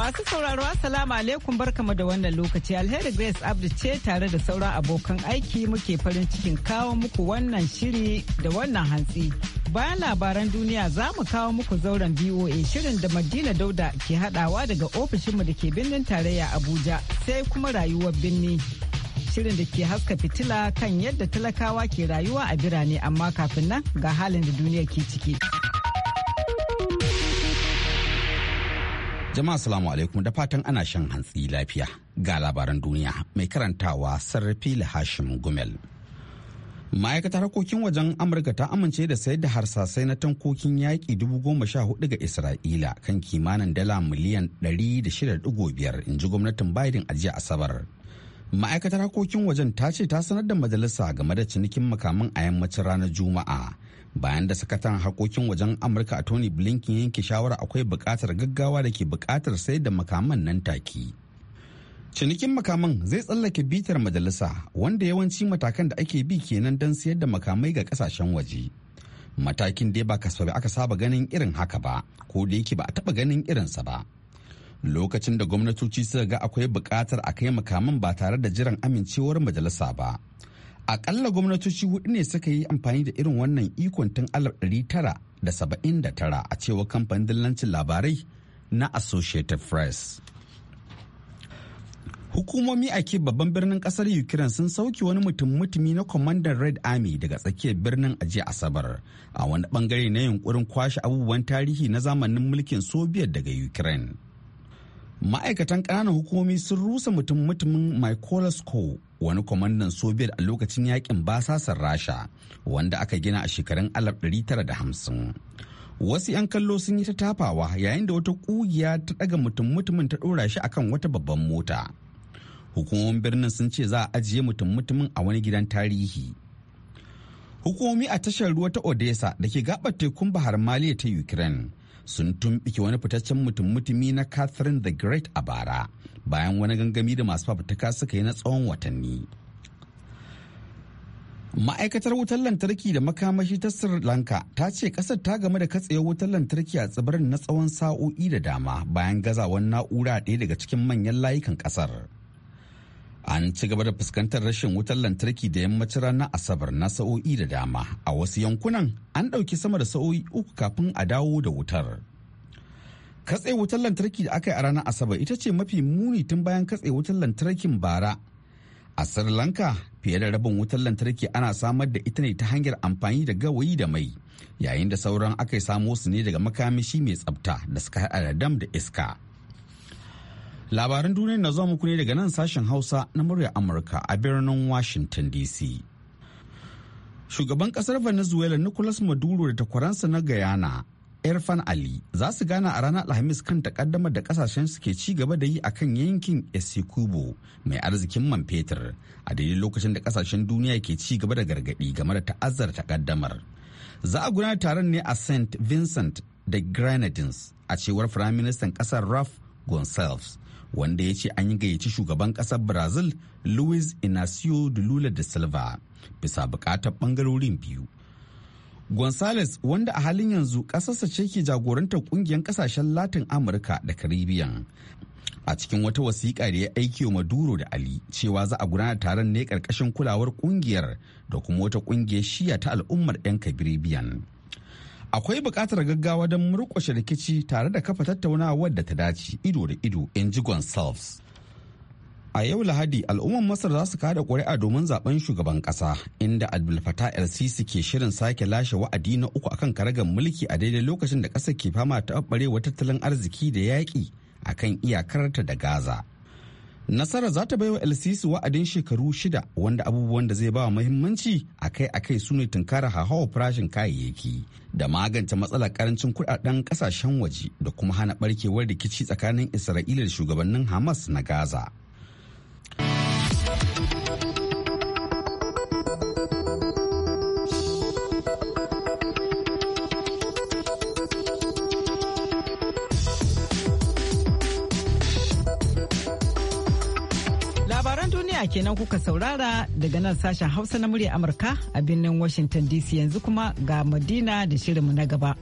Masu sauraro Assalamu alaikum barkamu da wannan lokaci alheri Grace Abdu ce tare da sauran abokan aiki muke farin cikin kawo muku wannan shiri da wannan hantsi. Bayan labaran duniya za mu kawo muku zauren BOA shirin da Madina Dauda ke hadawa daga ofishinmu da ke birnin tarayya Abuja sai kuma rayuwar birni. Shirin da ke haska fitila kan yadda talakawa ke rayuwa a birane amma kafin nan ga halin da duniya ke ciki. Jama'a salamu alaikum da fatan ana shan hantsi lafiya ga labaran duniya mai karantawa sarrafi Hashim Gumel. Ma'aikatar harkokin wajen Amurka ta amince da sayar da harsasai na tankokin yaƙi dubu goma sha hudu ga Isra'ila kan kimanin dala miliyan ɗari da shida biyar in ji gwamnatin Biden a jiya Asabar. Ma'aikatar harkokin wajen ta ce ta sanar da majalisa game da cinikin makaman a yammacin ranar Juma'a. bayan da sakataren harkokin wajen amurka a tony blinken yanke shawara akwai bukatar gaggawa da ke bukatar sai da makaman nan take cinikin makaman zai tsallake bitar majalisa wanda yawanci matakan da ake bi kenan don sayar da makamai ga kasashen waje matakin dai ba kasuwa aka saba ganin irin haka ba ko da yake ba a taba ganin irinsa ba lokacin da gwamnatoci suka ga akwai buƙatar a kai makaman ba tare da jiran amincewar majalisa ba akalla gwamnatoci hudu ne suka yi amfani da irin wannan ikon tun tara. a cewa kamfanin dillancin labarai na associated press hukumomi a ke babban birnin kasar ukraine sun sauke wani mutum mutumi na kwamandan red army daga tsakiyar birnin a jiya asabar a wani bangare na yunkurin kwashe abubuwan tarihi na zamanin mulkin soviet daga ukraine ma'aikatan ƙananan hukumomi sun rusa mutum mutumin michael wani kwamandan soviet a lokacin yakin basasar rasha wanda aka gina a shekarun 1950 wasu 'yan kallo sun yi ta tafawa yayin da wata kugiya ta daga mutum mutumin ta dora shi akan wata babban mota hukumomin birnin sun ce za a ajiye mutum mutumin a wani gidan tarihi hukumomi a tashar ruwa ta odessa da ke gabar tekun bahar maliya ta ukraine sun tumɓike wani fitaccen mutum-mutumi na catherine the great a bara bayan wani gangami da masu fafutuka suka yi na tsawon watanni ma'aikatar wutar lantarki da makamashi ta sri lanka ta ce kasar ta gamu da katsewar wutar lantarki a tsibirin na tsawon sa'o'i da dama bayan gazawar na'ura ɗaya daga cikin manyan layukan kasar An ci gaba da fuskantar rashin wutar lantarki da yammacin ranar Asabar na sa'o'i da dama. A wasu yankunan an ɗauki sama da sa'o'i uku kafin a dawo da wutar. Katse wutar lantarki da aka yi a ranar Asabar ita ce mafi muni tun bayan katse wutar lantarkin bara. A Sri Lanka fiye da rabin wutar lantarki ana samar da ita ne ta hanyar amfani da gawayi da mai yayin da sauran aka samo su ne daga makamashi mai tsafta da suka haɗa da dam da iska. Labaran duniya na zuwa muku ne daga nan sashen Hausa na muryar Amurka a birnin Washington DC. Shugaban kasar Venezuela Nicolas Maduro da takwaransa na Guyana, Irfan Ali, za su gana a ranar Alhamis kan takaddama da kasashen suke ci gaba da yi a kan yankin Essecubo mai arzikin man fetur, a daidai lokacin da kasashen duniya ke ci gaba da gargadi game da ta'azzar takaddamar. Za a gudanar taron ne a St. Vincent da Grenadines, a cewar Firaministan kasar Raf Gonsalves. wanda ya ce an yi gayyaci shugaban kasar brazil luis inacio de lula da silva bisa bukatar bangarorin biyu gonzales wanda a halin yanzu kasarsa ce ke jagorantar kungiyar kasashen latin amurka da caribbean a cikin wata wasiƙa da ya aiki wa maduro da ali cewa za a gudanar taron ne ƙarƙashin kulawar kungiyar da kuma wata kungiyar shiya ta al'ummar 'yan caribbean akwai buƙatar gaggawa don murƙushe rikici tare da kafa tattaunawar da ta dace ido da ido in ji gonsalves a yau lahadi al'umman masar za su kada ƙuri'a domin zaben shugaban ƙasa inda abdul Fata el sisi ke shirin sake lashe wa'adi na uku akan karagar mulki a daidai lokacin da ƙasar ke fama ta tattalin arziki da yaƙi akan iyakarta da gaza Nasara za ta baiwa LCC wa'adin shekaru shida wanda abubuwan da zai ba muhimmanci akai-akai su ne tunkara hahawa farashin kayayyaki da magance matsalar karancin kudaden kasashen waje da kuma hana barkewar rikici tsakanin Isra'ila da shugabannin Hamas na Gaza. jiya kenan kuka saurara daga nan sashen Hausa na murya Amurka a birnin Washington DC yanzu kuma ga Madina da shirinmu na gaba.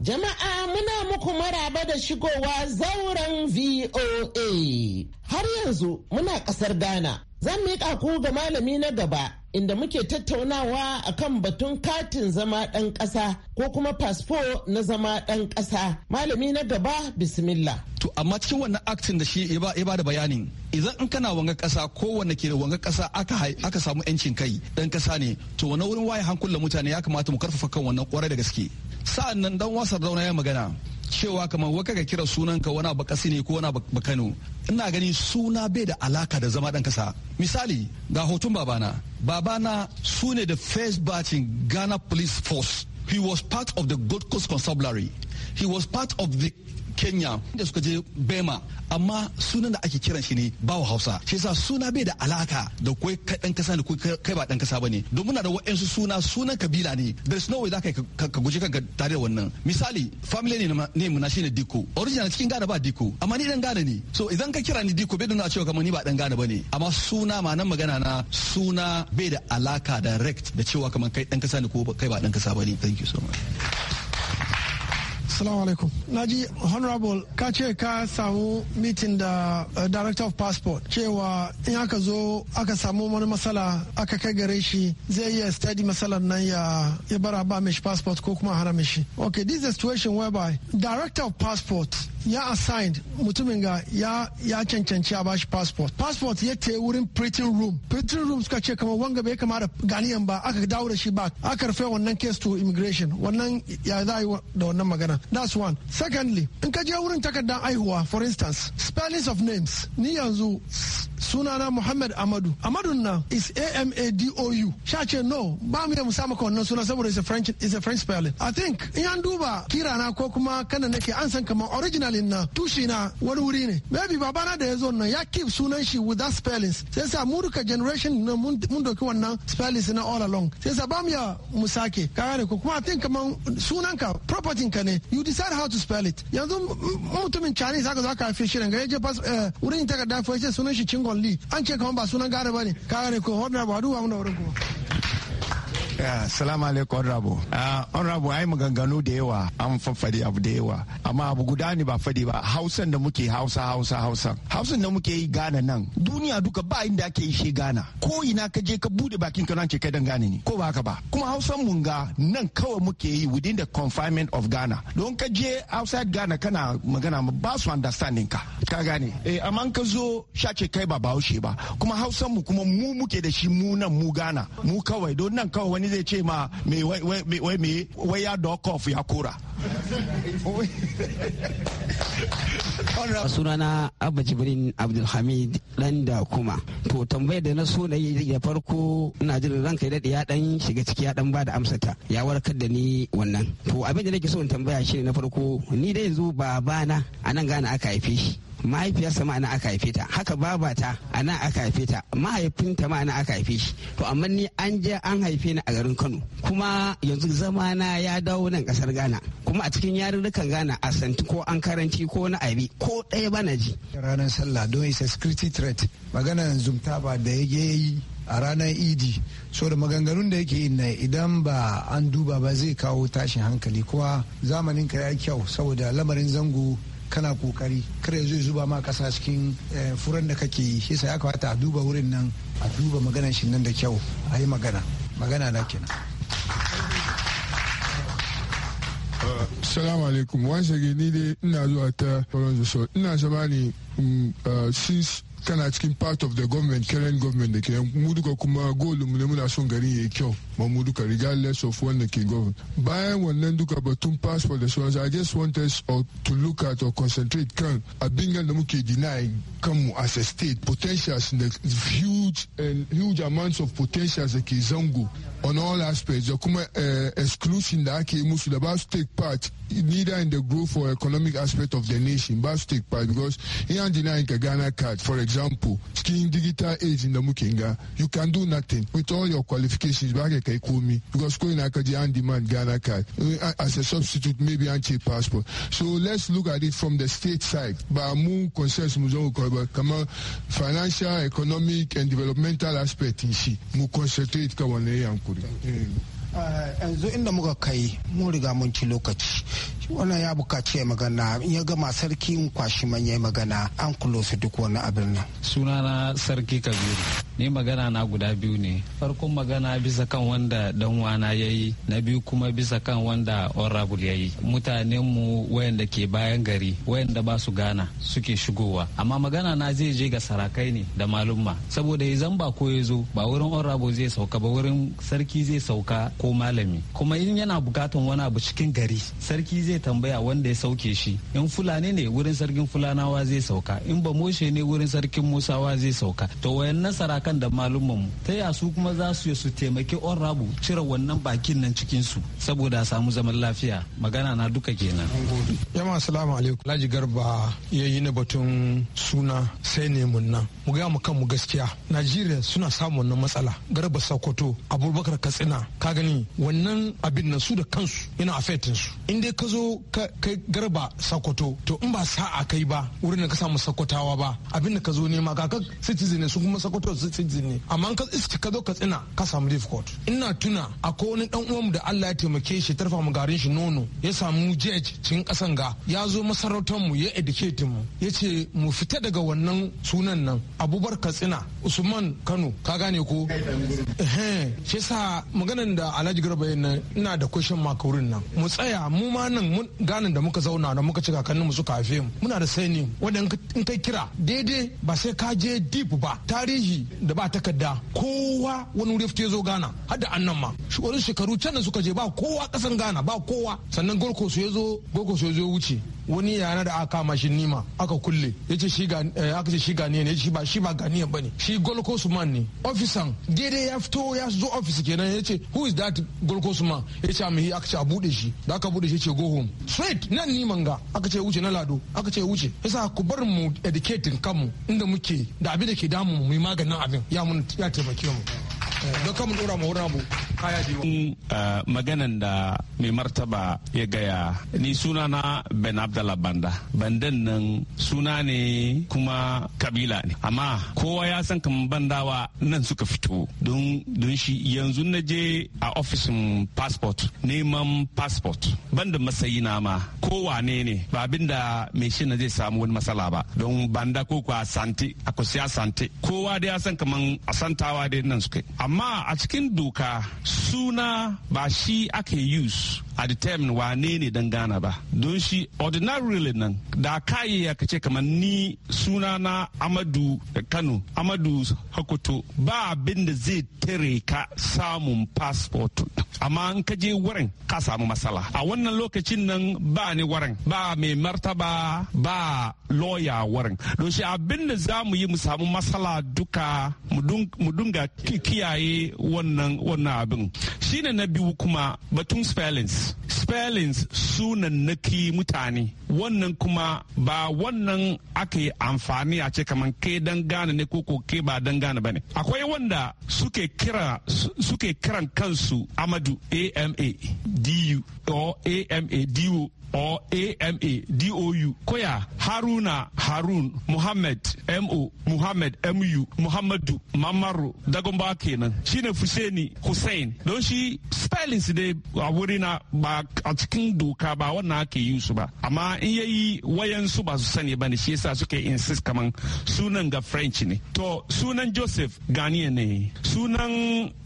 Jama'a muna muku maraba da shigowa zauren VOA. Har yanzu muna ƙasar Ghana. Zan miƙa ku ga malami na gaba inda muke tattaunawa akan batun katin zama ɗan ƙasa ko kuma fasfo na zama ɗan ƙasa. Malami na gaba bismillah. To amma cikin wannan aktin da shi ya ba da bayanin idan in kana wanga ƙasa ko wanda ke wanga ƙasa aka aka samu yancin kai ɗan ƙasa ne to wani wurin waye hankula mutane ya kamata mu karfafa kan wannan kwarai da gaske. Sa'an nan dan wasar zauna ya magana cewa kamar waka ka kira sunanka wani bakasi ne ko wani bakano ina gani suna bai da alaka da zama dan kasa misali ga hoton babana babana su ne da first batching ghana police force he was part of the gold coast constabulary he was part of the kenya da suka je bema amma sunan da ake kiran shi ne bawa hausa shi yasa suna bai da alaka da kai dan kasa ne ko kai ba dan kasa bane don muna da wa'ansu suna sunan kabila ne there's no way zaka ka guji kanka tare da wannan misali family ne ne mu na shine diko original cikin gana ba diko amma ni dan gana ne so idan ka kira ni diko bai da nuna cewa kamar ni ba dan gana bane amma suna ma nan magana na suna bai da alaka direct da cewa kamar kai dan kasa ne ko kai ba dan kasa bane thank you so much Assalamu alaikum. Naji Honorable ka ce ka samu meeting da uh, Director of Passport cewa in aka zo aka samu wani matsala aka kai gare shi zai iya study matsalar nan ya ya bara ba mishi passport ko kuma hana mishi. Okay, this is a situation whereby Director of Passport ya assigned mutumin ga ya ya cancanci a bashi passport passport ya te wurin printing room printing room suka ce kamar wanga bai kama da ganiyan ba aka dawo da shi ba aka rufe wannan case to immigration wannan ya za yi da wannan magana that's one secondly in ka je wurin takardar aihuwa for instance spellings of names ni yanzu sunana Muhammad Amadu. Amadu na is A M A D O U. Sha ce no ba mu da mu samu wannan suna saboda is a French is a French spelling. I think in an duba kirana ko kuma kana nake an san kamar original spelling na tushi na wani wuri ne maybe babana da ya zo nan ya keep sunan shi with that spellings sai sa mu duka generation na mun doki wannan spellings na all along sai sa ba mu ya mu sake ka gane ko kuma think kaman sunanka property ka ne you decide how to spell it yanzu mutumin Chinese haka za ka haife shi ga yaje pas eh, wurin takarda fa sunan shi Chingon Lee an ce kaman ba sunan gare bane ka gane ko wannan ba duwa mun da wurin kuma Eh, salamu alaikum honorable. Eh, honorable ai maganganu da yawa an faffade abu da yawa amma abu guda ne ba fadi ba hausan da muke hausa hausa hausa hausan da muke yi gana nan duniya duka ba inda ake yi shi gana ko ina ka je ka bude bakin ka ke kai dan ne ko ba ka ba kuma hausan mun ga nan kawai muke yi within the confinement of Ghana don ka je outside Ghana kana magana ma ba su understanding ka ka gane eh amma ka zo shace kai ba bahaushe ba kuma hausan mu kuma mu muke da shi mu nan mu Ghana mu kawai don nan kawai wani zai ce ma wai me wai ya dokof ya sunana abu jibrin abdulhamid dan da kuma to tambayar da na so na yi da farko ina jin ran kai daɗe ya dan shiga ciki ya dan ba da amsa ya warkar da ni wannan to abin da nake so in tambaya shi na farko ni da yanzu babana a nan gane aka haife shi mahaifiyarsa ma ana aka haife ta haka babata ana aka haife ta mahaifinta ma ana aka haife shi to amma ni an je an haife ni a garin Kano kuma yanzu zama na ya dawo nan kasar Ghana kuma a cikin yarurrukan Ghana a santi ko an karanci ko na abi ko ɗaya bana ji ranar sallah don isa security threat maganar zumta ba da ya yi a ranar idi so da maganganun da yake yin nan idan ba an duba ba zai kawo tashin hankali kuma zamanin ka ya kyau saboda lamarin zango kana kokari kar ya zo zuba ma kasa cikin eh, furan da kake yi shi aka wata a duba wurin nan a duba maganan shi nan da kyau a yi magana magana na kenan Salamu alaikum, wani ni ne ina zuwa ta so ina shaba ne mm, ah, kana cikin part of the government current government da ke mu duka kuma goal mu ne muna son garin yayi kyau ba mu duka regardless of wanda ke govern bayan wannan duka batun passport da sauransu i just want us or to look at or concentrate kan abin da muke deny kanmu as a state potentials in the huge and huge amounts of potentials da ke zango on all aspects da kuma uh, exclusion da ake musu da ba su take part neither in the growth or economic aspect of the nation ba su take part because in an deny ka ghana card for example example cikin digital age da muke ga you can do nothing with all your qualifications ba ka kai komi because ko ina ka je an demand Ghana card uh, as a substitute maybe an ce passport so let's look at it from the state side ba mu concerns mu zo ba kamar financial economic and developmental aspect shi mu concentrate ka wannan yankuri. Eh, yanzu inda muka kai mun riga mun ci lokaci wannan ya bukaci ya magana in ya gama sarki in kwashi manya magana an kulo duk wani abin nan na sarki kabiru ni magana na guda biyu ne farkon magana bisa kan wanda dan wana ya yi na biyu kuma bisa kan wanda honorable ya yi mutanen mu wayanda ke bayan gari wayanda ba su gana suke shigowa amma magana na zai je ga sarakai ne da malumma saboda ya zan ba ko ya zo ba wurin honorable zai sauka ba wurin sarki zai sauka ko malami kuma in yana bukatan wani abu cikin gari sarki zai tambaya wanda ya sauke shi in fulani ne wurin sarkin fulanawa zai sauka in ba moshe ne wurin sarkin musawa zai sauka to wayannan kan da malumman ta ya su kuma za su su taimaki on rabu cire wannan bakin nan cikin su saboda a samu zaman lafiya magana na duka kenan jama'a assalamu alaikum laji garba ya yi na batun suna sai ne mun mu ga mu kan mu gaskiya najeriya suna samun wannan matsala garba sokoto abubakar katsina ka gani wannan abin nan su da kansu yana affecting su in dai ka zo kai garba sakoto to in ba sa'a kai ba wurin da ka samu sakotawa ba abin da ka zo nema ga ka citizen ne su kuma sakoto citizen ne amma ka iske ka zo ka tsina ka samu difficult ina tuna akwai wani dan mu da Allah ya taimake shi tarfa mu garin shi nono ya samu judge cikin kasan ga ya zo masarautar mu ya educate mu ya ce mu fita daga wannan sunan nan abubakar katsina usman kano ka gane ko shi sa maganan da alhaji garba nan ina da kushin makurin nan mu tsaya mu ma nan ganin da muka zauna da muka ci kakannin mu suka haife mu muna da sani wanda in kai kira daidai ba sai ka je deep ba tarihi da ba takarda kowa wani wuri fito zo gana har da annan ma wani shekaru can da suka je ba kowa kasan gana ba kowa sannan gorko su ya zo gorko su ya zo wuce wani yana da aka kama nima aka kulle yace shi ga eh, aka ce shi ne yace shi ba shi ba ne shi golko man ne ofisan daidai ya fito ya zo ofis kenan yace who is that golko ya yace amma ah, aka ce a bude shi da aka bude shi ce go home straight nan niman ga aka ce wuce na lado aka ce wuce yasa ku bar mu educating kanmu inda muke da abin da ke damu mu yi maganin abin ya mun ya taimake mu don kamun dora ma wurin abu eh, maganan da mai martaba ya gaya ni suna na ben abdallah banda bandan nan suna ne kuma kabila ne amma kowa ya san kamar bandawa nan suka fito don shi yanzu na je a ofishin passport neman passport banda masayi na ma kowane ne ba abin da mai shi na zai samu wani matsala ba don banda ko ko santi a kusa santi kowa da ya san kamar asantawa dai nan suka amma a cikin doka suna ba shi ake use a determine wane ne dan Ghana ba don shi ordinarily nan da kayi ya kace kamar ni suna na Amadu Kano Amadu Hakoto ba abin da zai tare ka samun passport amma an ka je wurin ka samu matsala a wannan lokacin nan ba ni wurin ba mai martaba ba lawyer wurin don shi abin da za mu yi mu samu matsala duka mu dunga kiyaye wannan abin shine na biyu kuma batun spellings spellings sunannaki mutane wannan kuma ba wannan aka yi amfani a ce kamar ke dan gane ne koko ke ba dan gane ba ne akwai wanda suke kira suke kiran kansu amadu ama du or ama du o AMA DOU koya Haruna Harun Muhammad MO Muhammad MU Muhammadu Mamaru ba kenan shine Fuseni Hussein don shi filings dai a wuri na ba a cikin doka ba wannan ake yi su ba amma in yayi wayan su ba su sani ba ne shi yasa suke insist kaman sunan ga french ne to sunan joseph ganiya ne sunan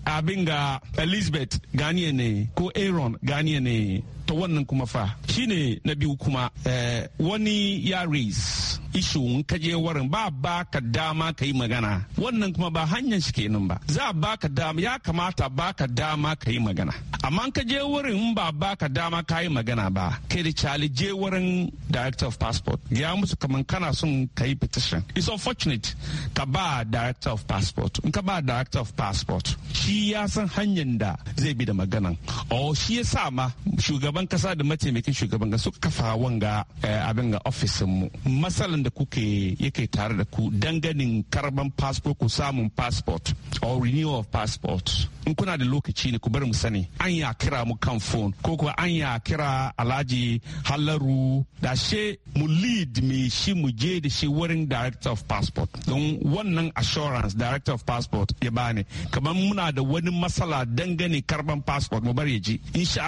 abin ga elizabeth ganiya ne ko aaron ganiya ne ta wannan kuma fa shine na biyu kuma eh, wani ya raise issue in kaje warin ba ba ka dama ka yi magana wannan kuma ba hanyar shi kenan ba za ba ka dama ya kamata ba ka dama ka yi magana amma ka je warin in ba ba ka dama ka yi magana ba kai da cali je warin director of passport ya musu kaman kana son ka yi petition it's unfortunate ka ba director of passport in ka ba director of passport shi ya san hanyar da zai bi da maganan o shi ya sa ma shugaban shugaban kasa da mataimakin shugaban kasa suka kafa wanga eh, abin ga ofisin mu matsalan da kuke yake tare da ku danganin karban passport ku samun passport or renewal of passport in kuna da lokaci ne ku bari mu sani an ya kira mu kan phone ko kuwa an ya kira alhaji halaru da she mu lead me shi mu je da shi wurin director of passport don wannan assurance director of passport ya bani kamar muna da wani matsala dangane karban passport mu bari ya ji insha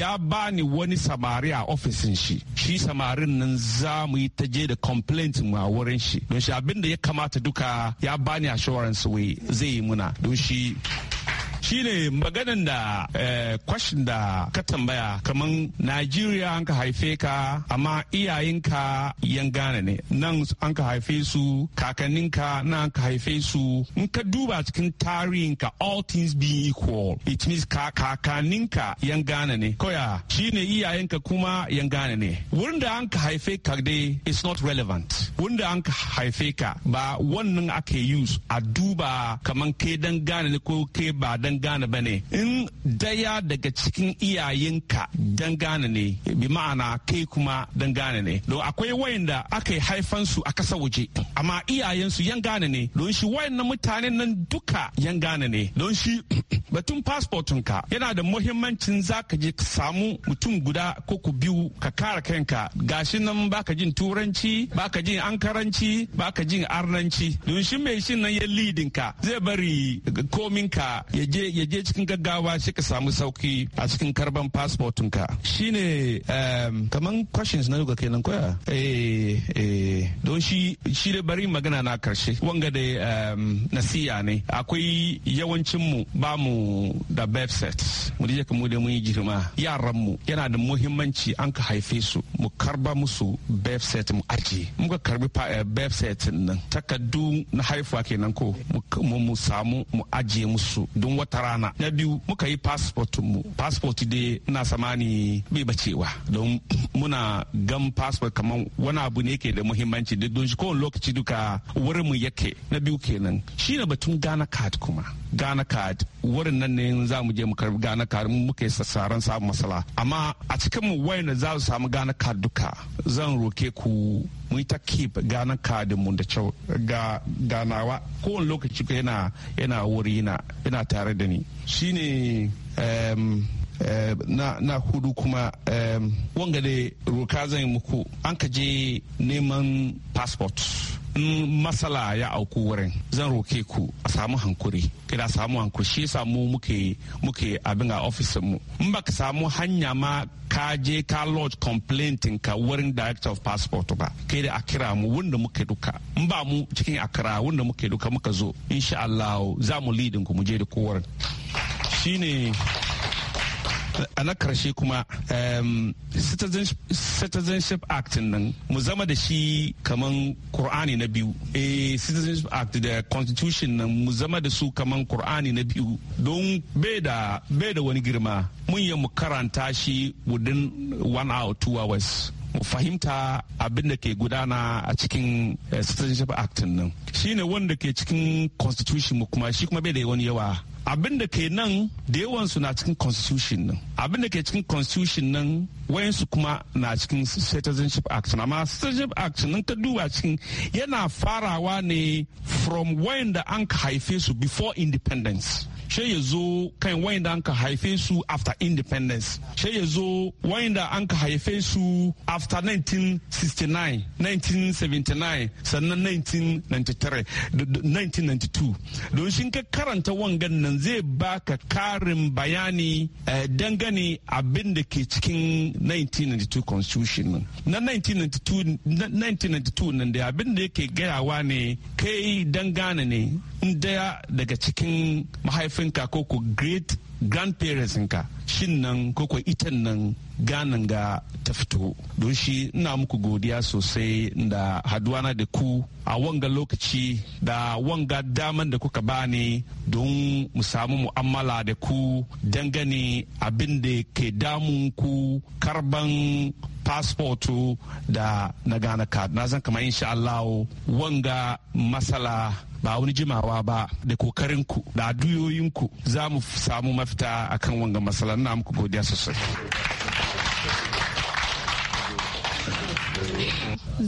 ya bani wani samari a ofisin shi shi samarin nan za mu yi ta je da complaint mu a wurin shi don shi abin da ya kamata duka ya bani assurance wai zai yi muna don shi shine maganan da kwashin eh, da ka tambaya kaman Najeriya an ka haife ka amma iyayenka yan Ghana ne nan an ka haife su kakanninka na an ka haife su in ka duba cikin tarihinka all things being equal it means kakanninka yan Ghana ne koya shine iyayenka kuma yan Ghana ne wurin da an ka haife ka dai is not relevant wurin da an ka haife ka ba wannan ake use a duba kaman ke dan Ghana ne ko ke ba dan dan gane ba ne in daya daga cikin iyayenka dan gane ne bi ma'ana kai kuma dan gane ne don akwai wayanda aka yi haifan su a kasa waje amma iyayensu yan gane ne don shi na mutanen nan duka yan gane ne don shi batun ka yana da muhimmancin za ka je ka samu mutum guda ko ku biyu ka kara kanka gashi nan baka jin turanci baka jin ankaranci baka jin arnanci don shi mai shi nan ya lidin ka zai bari komin ka ya je ya je cikin gaggawa shi ka samu sauki a cikin karban fasfotin ka shine ehm, kaman questions na ga kenan koya eh eh don shi shi da bari magana na karshe wanga da ehm, nasiya ne akwai yawancin mu ba mu da website mu je mu da mun yi girma yaran mu yana da muhimmanci an ka haife su mu karba musu website mu ajiye muka karbi website eh, nan takardu na haifuwa kenan ko mu samu mu ajiye musu don wata wata rana na biyu muka yi passport mu passport dai na samani bai bacewa don muna gan passport kamar wani abu ne ke da muhimmanci da don shi kowane lokaci duka wurin mu yake na biyu kenan shi ne batun Ghana card kuma gana card wurin nan ne za mu je mu karbi Ghana card mu muke sassaran samun masala amma a cikin mu wayanda za su samu gana card duka zan roke ku mu yi ta keep gana kadin mu da cewa ga ganawa kowane lokaci yana yana wuri yana tare da ni shine Eh, na hudu kuma wanga da roka zan muku an ka je neman passport in masala ya auku wurin zan roke ku a samu hankuri kira samu hankuri shi samu muke muke abin a ofisin mu in ba ka samu hanya ma ka je ka lodge complaintin ka wurin director of passport ba kai da akira mu wanda muke duka in ba mu cikin akira wanda muke duka muka zo insha Allah za mu leading ku mu je da kowar shine a na karshe kuma citizenship act nan mu zama da shi kamar qur'ani na biyu e citizenship act da constitution nan mu zama da su kamar qur'ani na biyu don bai da wani girma mun yi mu karanta shi within one hour two hours mu fahimta abin da ke gudana a cikin eh, citizenship act nan shine wanda ke cikin constitution mu kuma shi kuma bai da wani yawa abin da ke nan da yawansu na cikin constitution nan abin da ke cikin constitution nan wayansu kuma na cikin citizenship act amma citizenship act nan ka duba cikin yana farawa ne from wayanda an ka haife su before independence shi ya zo kan wayanda an ka haife su after independence shi ya zo wayanda an ka haife su after 1969 1979 sannan 1993 1992 don shi ka karanta wangan nan zai baka karin bayani eh, dangane abin da ke cikin 1992 constitution nan na 1992 nan da abin da yake gayawa ne kai dangane ne in daya daga cikin mahaifinka ko ku great grandparents ka shin nan koko itan nan ganin ga ta fito don shi ina muku godiya sosai da haduwana da ku a wanga lokaci da wanga daman da kuka bani don mu samu mu'amala da ku dangane abin da ke damun ku karban fasfotu da na Ghana card na zan kamar insha Allah wanga masala ba wani jimawa ba da kokarinku da aduyoyinku za mu samu mafita akan wanga masala na muku godiya sosai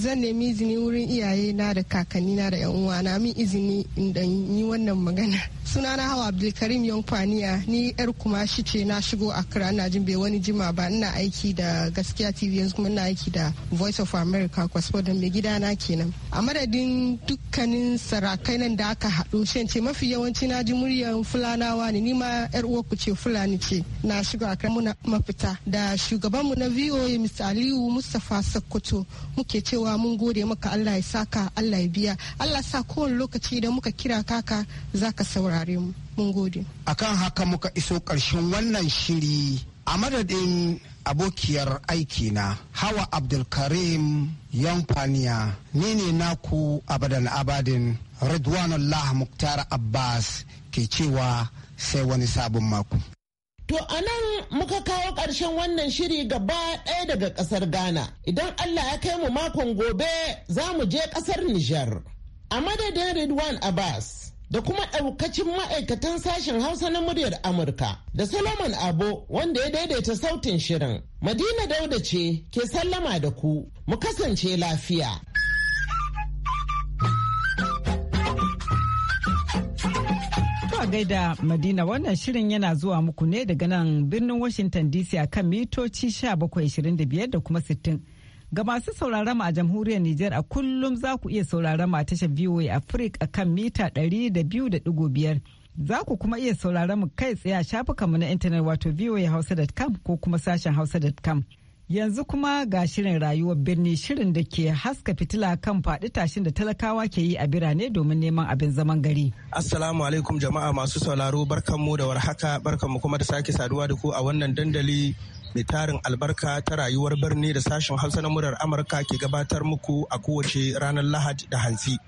zan nemi izini wurin iyaye na da kakanni na da yan uwa na min izini in yi wannan magana sunana hawa abdulkarim yankwaniya ni yar kuma shi ce na shigo kira ina jin bai wani jima ba ina aiki da gaskiya tv yanzu kuma ina aiki da voice of america kwasfodin mai gida na kenan a madadin dukkanin sarakai nan da aka haɗu shan ce mafi yawanci na ji muryan fulanawa ne ni ma yar uwarku ce fulani ce na shigo a muna mafita da shugaban mu na voa mr aliyu mustapha sakkwato muke cewa mun gode maka allah ya saka allah ya biya allah sa kowane lokaci idan muka kira kaka zaka saurara tare mu mun gode akan haka muka iso karshen wannan shiri a madadin abokiyar aikina hawa abdulkarim yanfaniya ni ne naku abadan abadin ridwanullah muktar abbas ke cewa sai wani sabon mako To a nan muka kawo ƙarshen wannan shiri gaba ɗaya daga ƙasar Ghana. Idan Allah ya kai mu makon gobe za mu je ƙasar Nijar. A madadin Ridwan Abbas. da kuma ɗaukacin ma'aikatan sashen Hausa na muryar Amurka da Solomon Abo wanda ya daidaita sautin shirin. Madina Dauda ce ke sallama da ku, mu kasance lafiya. gaida Madina wannan shirin yana zuwa muku ne daga nan birnin Washington DC a kan mitoci 1725 da kuma 60. Ga masu sauraron a jamhuriyar Nijar a kullum za ku iya sauraron a tashar VOA Africa kan mita 200.5. Za ku kuma iya sauraron mu kai tsaye a mu na intanet wato voahausa.com ko kuma sashen hausa.com. Yanzu kuma ga shirin rayuwar birni shirin da ke haska fitila kan faɗi tashin da talakawa ke yi a birane domin neman abin zaman gari. Assalamu alaikum jama'a masu sauraro barkanmu da warhaka barkanmu kuma da sake saduwa da ku a wannan dandali mai tarin albarka ta rayuwar birni da sashen hausa na murar amurka ke gabatar muku a kowace ranar lahad da hantsi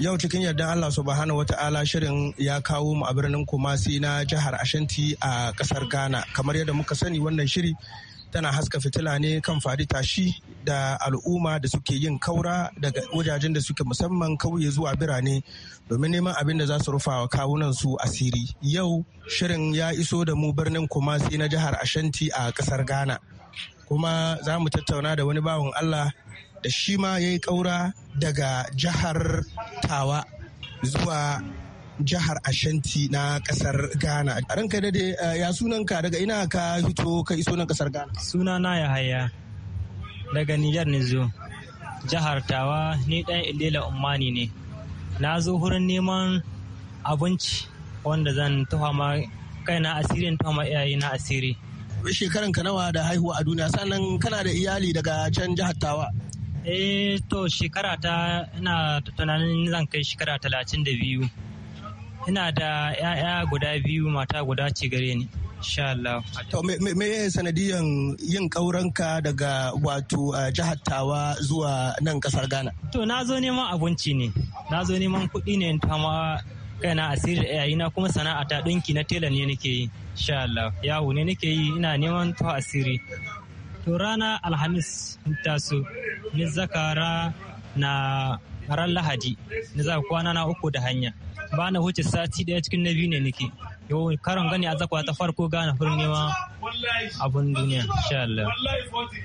yau cikin yardan allah subhanahu wata'ala shirin ya kawo mu a birnin kumasi na jihar ashanti a kasar ghana kamar yadda muka sani wannan shiri tana haska fitila ne kan fadi tashi da al'umma da suke yin kaura daga wajajen da suke musamman kauye zuwa birane domin neman abin da za su rufa wa kawunan su asiri yau shirin ya iso da mu birnin kumasi na jihar ashanti a ƙasar ghana kuma za mu tattauna da wani bawon allah da shi ma ya yi kaura daga jihar tawa zuwa jihar Ashanti na kasar Ghana. Ranka dade eh, ya sunan ka daga ina ka fito ka iso nan kasar Ghana? Suna na ya haya daga Nijar ne zo. Jihar Tawa ni dan Ilela Ummani ne. Na zo hurin neman abinci wanda zan tuhama kaina asiri in tuhama iyaye na asiri. Shekaran ka nawa da haihuwa a duniya sannan kana da iyali daga can jihar Tawa? Eh to shekara ta ina tunanin zan kai shekara talatin da biyu. ina da 'ya'ya guda biyu mata guda ce gare ni insha Allah. To me sanadiyan yin kauranka daga wato jihar Tawa zuwa nan kasar Ghana? To na zo neman abinci ne, na zo neman kuɗi ne ta ma kaina asiri yayi na kuma sana'a ta ɗinki na tela ne nake yi insha Allah. Yawo ne nake yi ina neman to asiri. To rana Alhamis taso, ni zakara na ran lahadi na za kwana na uku da hanya ba na wuce sati daya cikin na biyu ne nake yau karon gani a zakwa ta farko gane furnewa abun duniya insha Allah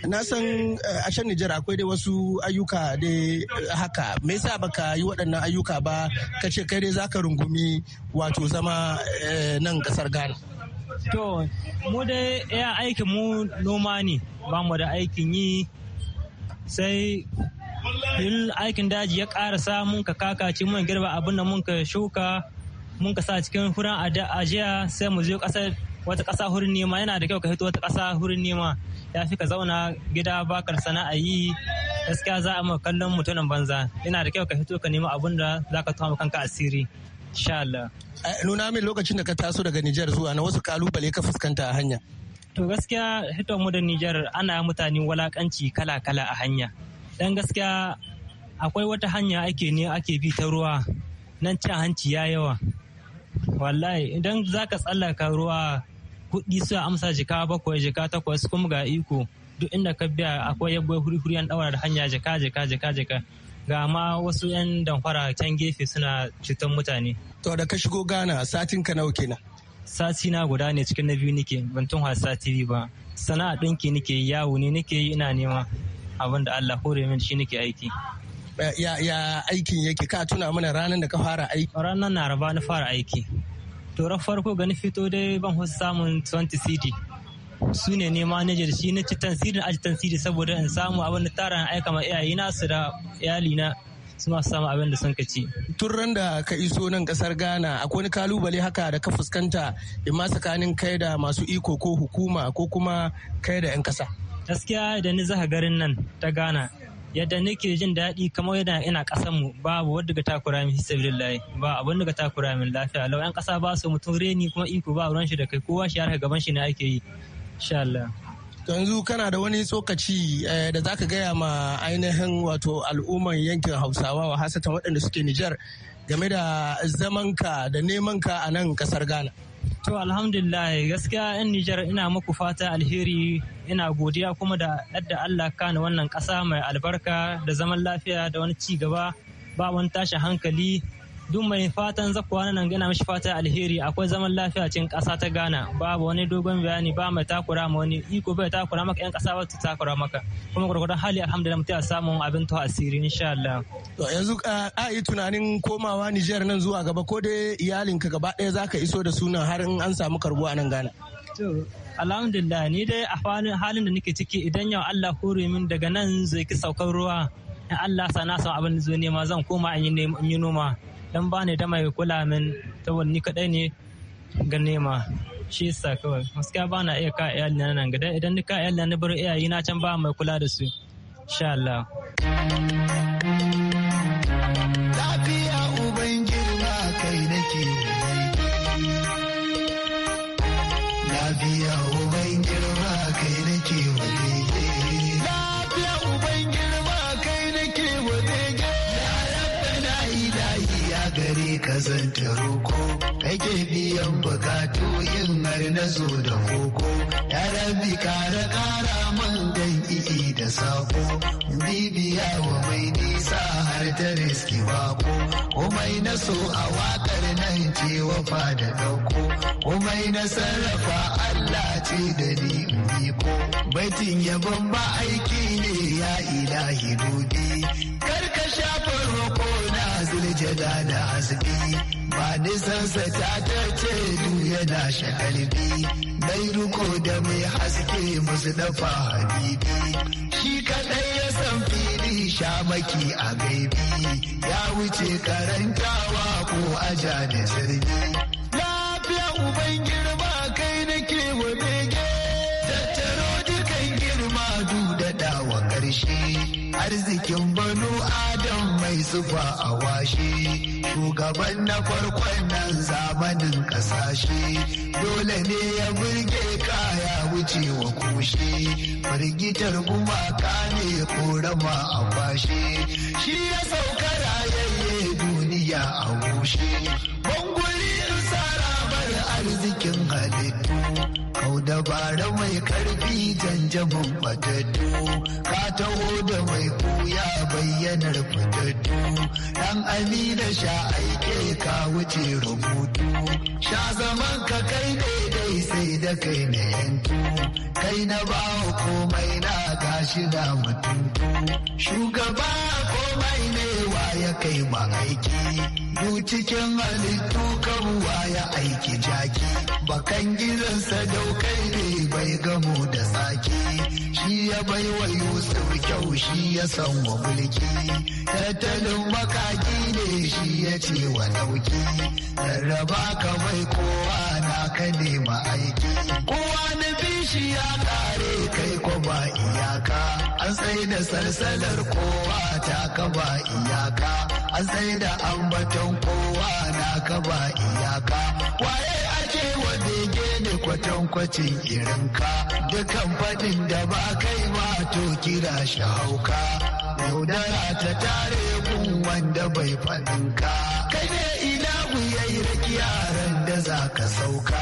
na san eh, a shan Nijar akwai dai wasu ayyuka da eh, haka me yasa baka yi waɗannan ayyuka ba kace kai dai zaka rungumi wato zama eh, nan kasar Ghana to mu dai ya aikin mu noma ne ba mu da aikin yi sai in aikin daji ya karasa mun ka kakaci mun girba abin da mun ka shuka mun ka sa cikin hurin ajiya sai mu zo kasar wata ƙasa hurin nema yana da kyau ka hito wata ƙasa hurin nema ya fi ka zauna gida bakar sana'a yi gaskiya za a mu kallon mutumin banza yana da kyau ka hito ka nemi abun da za ka tuwa kanka asiri insha Allah. nuna min lokacin da ka taso daga Nijar zuwa na wasu kalubale ka fuskanta a hanya. to gaskiya hito mu da Nijar ana mutane walakanci kala-kala a hanya dan gaskiya akwai wata hanya ake ne ake bi ta ruwa nan cin hanci ya yawa wallahi idan za ka tsallaka ruwa kuɗi su amsa jika bakwai jika takwas kuma ga iko duk inda ka biya akwai yabbai huri-huri an ɗaura da hanya jika jika jika jika ga ma wasu 'yan damfara can gefe suna cutar mutane. To da ka shigo Ghana satin ka nawa kenan? Sati na guda ne cikin na biyu nike ban tun sati biyu ba. Sana'a dinki nike yawo ne nike yi ina nema. abin da Allah hore min shi nake aiki ya ya aikin yake ka tuna mana ranar da ka fara aiki ranar raba na fara aiki to farko gani fito dai ban hu samun 20 cd su ne ne manager shi na ci tansirin aji tansiri saboda in samu abin da tara aika ma iyayena su da na su masu samu abin da sun ka ci. Tun da ka iso nan kasar Ghana akwai wani kalubale haka da ka fuskanta imma tsakanin kai da masu iko ko hukuma ko kuma kai da 'yan kasa. gaskiya da ni zaha garin nan ta ghana yadda nake jin daɗi kamar yadda ina ƙasar mu babu wadda ga takura min sabilillahi ba abin da ga takura min lafiya lau yan ƙasa ba su mutum reni kuma iko ba ruwan shi da kai kowa shi harka gaban shi ne ake yi insha Allah yanzu kana da wani tsokaci eh, da zaka ka gaya ma ainihin wato al'umman yankin hausawa wa hasata waɗanda suke nijar game da zamanka da nemanka a nan kasar ghana To alhamdulillah gaskiya 'yan Nijar ina muku fata alheri ina godiya kuma da yadda Allah kana wannan ƙasa mai albarka da zaman lafiya da wani ci gaba ba wani tashi hankali duk mai fatan zakuwa nan gana mishi fata alheri akwai zaman lafiya cikin ƙasa ta Ghana babu wani dogon bayani ba mai takura ma wani iko bai takura maka yan ƙasa ba ta takura maka kuma gurgurdan hali alhamdulillah mutum ya samu abin to asiri insha Allah to yanzu a yi tunanin komawa Niger nan zuwa gaba ko dai iyalinka gaba ɗaya zaka iso da sunan har in an samu karbuwa nan Ghana alhamdulillah ni dai a halin da nake ciki idan yau Allah kore min daga nan zai ki saukar ruwa in Allah sana san abin zo nema zan koma in yi noma dan ba ni da mai kula min ta wani kadai ne ga nema shi yasa kawai gaskiya ba na iya ka iyali na nan gada idan ni ka iyali na bar iyayi na can ba mai kula da su insha Allah zan ta roko ake biyan bukatu yin har na zo da koko ya rabi kara kara man dan i'i da sako bibiya wa mai nisa har ta riski bako komai na so a wakar nan ce wafa da dauko komai na sarrafa Allah ce da ni biko baitin yabon ba aiki ne ya ilahi dubi karka shafa roko sujada da hasbi ba nisansa ta ta ce yana da shakalbi mai ruko da mai haske musu dafa habibi shi kadai ya san fili shamaki a gaibi ya wuce karantawa ko aja da sirbi lafiya uban girma kai nake wa bege tattaro dukan girma du da dawa karshe arzikin zuba a washe shugaban na farkon nan zamanin kasashe dole ne ya burge kaya wuce wa kushe firgitar gumaka ne korama a kwashe shi ya sauka rayayye duniya a gushe arzikin halittu kau dabara mai karfi janjamin fatattu ka taho da mai kuya bayyanar fatattu dan amina sha aike ka wuce rubutu sha zaman ka kai daidai sai da kai na yanku kai na bawa komai na gashi da mutum shugaba wai ne wa ya kai ma aiki du cikin halittu kabuwa ya aiki jaki bakan gidansa daukai ne bai gamo da tsaki shi ya bai wa yusuf kyau shi ya san wa mulki tattalin makaki ne shi ya ce wa dauki rarraba ka bai kowa na ka nema aiki kowa na bishi ya iyaka an sai da salsalar kowa ta kaba iyaka an sai da ambaton kowa na kaba iyaka waye ake wa bege da kwatankwacin irinka dukan fadin da ba kai ma to kira shi yaudara ta tare kun wanda bai faɗinka kai ne ina ya yi da za ka sauka